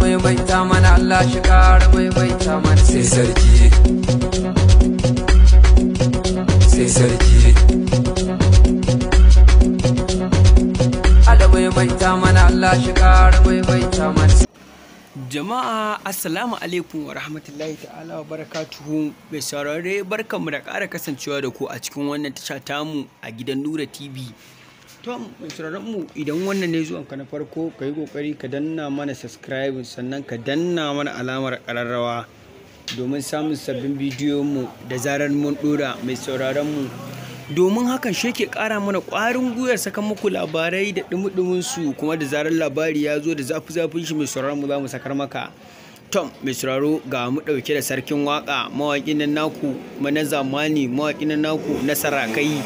maimaita mana Allah shi kara maimaita mana sai sarki sai sarki ala maimaita mana Allah shi kara maimaita mana Jama'a Assalamu alaikum wa rahmatullahi ta'ala wa barakatuhu mai saurare barkanmu da ƙara kasancewa da ku a cikin wannan tasha tamu a gidan Nura TV Tom mai sauraron mu idan wannan ne zuwanka na farko ka yi kokari ka danna mana subscribe sannan ka danna mana alamar kararrawa domin samun sabbin bidiyon mu da zarar mun dora mai sauraron mu domin hakan shi ke kara mana kwarin gwiwar saka muku labarai da dumudumin su kuma da zarar labari ya zo da zafi zafin shi mai sauraron mu za mu sakar maka tom mai sauraro ga mu dauke da sarkin waka mawaƙin nan naku na zamani mawaƙin nan naku na sarakai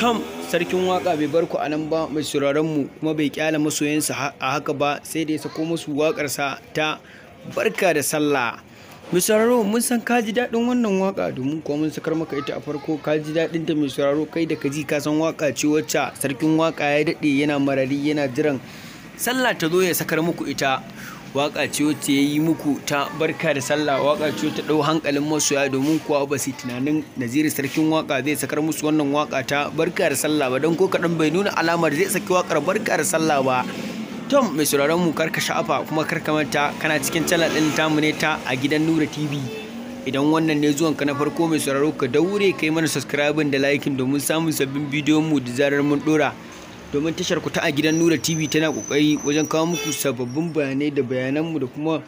tam sarkin waka bai bar ku a nan ba mai sauraron mu kuma bai kyala masoyansa a haka ba sai da ya sako musu wakarsa ta barka da sallah mai sauraro mun san ka ji daɗin wannan waka domin kuwa mun sakar maka ita a farko ka ji daɗin ta mai sauraro kai da ka ji ka san waka ce wacce sarkin waka ya daɗe yana marari yana jiran sallah ta zo ya sakar muku ita waka ce wacce ya yi muku ta barka da sallah waka ce ta ɗau hankalin masoya domin kuwa ba su tunanin naziri sarkin waka zai sakar musu wannan waka ta barka da sallah ba don ko kaɗan bai nuna alamar zai saki wakar barka da sallah ba tom mai sauraron mu karka sha'afa kuma karka manta kana cikin channel ɗin tamu ne ta a gidan nura tv idan wannan ne zuwan ka na farko mai sauraro ka daure kai mana subscribing da liking domin samun sabbin bidiyon mu da zarar mun ɗora domin tashar ku ta a gidan Nura TV tana kokari wajen kawo muku sababbin bayanai da bayananmu da kuma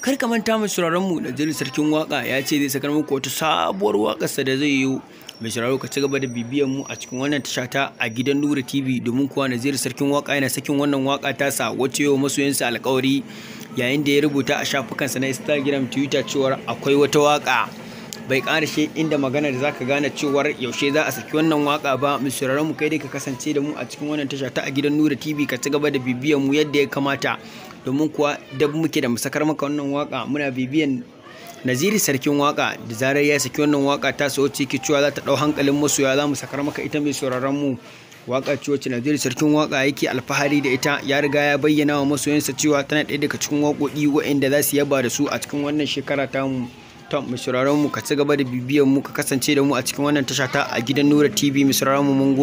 kar ka manta mai sauraron mu da sarkin waka ya ce zai sakar muku wata sabuwar wakarsa da zai yiwu mai sauraro ka ci gaba da bibiyan mu a cikin wannan tasha ta a gidan Nura TV domin kuwa Nazir sarkin waka yana sakin wannan waka sa wacce yau masoyansa alkawari yayin da ya rubuta a shafukansa na Instagram Twitter cewa akwai wata waka bai ƙarashe inda maganar da zaka gane cewar yaushe za a saki wannan waka ba mu sauraron mu kai dai ka kasance da mu a cikin wannan tasha ta a gidan Nura TV ka ci gaba da bibiyan mu yadda ya kamata domin kuwa da muke da musakar maka wannan waka muna bibiyan naziri sarkin waka da zarar ya saki wannan waka ta so ciki cewa za ta dau hankalin masoya za mu sakar maka ita mai sauraron mu waka ciwo naziri sarkin waka yake alfahari da ita ya riga ya bayyana wa masoyansa cewa tana ɗaya daga cikin waƙoƙi waɗanda za su yaba da su a cikin wannan shekara mu. tom mu mu ka ci gaba da bibiyar mu ka kasance da mu a cikin wannan tasha ta a gidan nura tv mu mu mun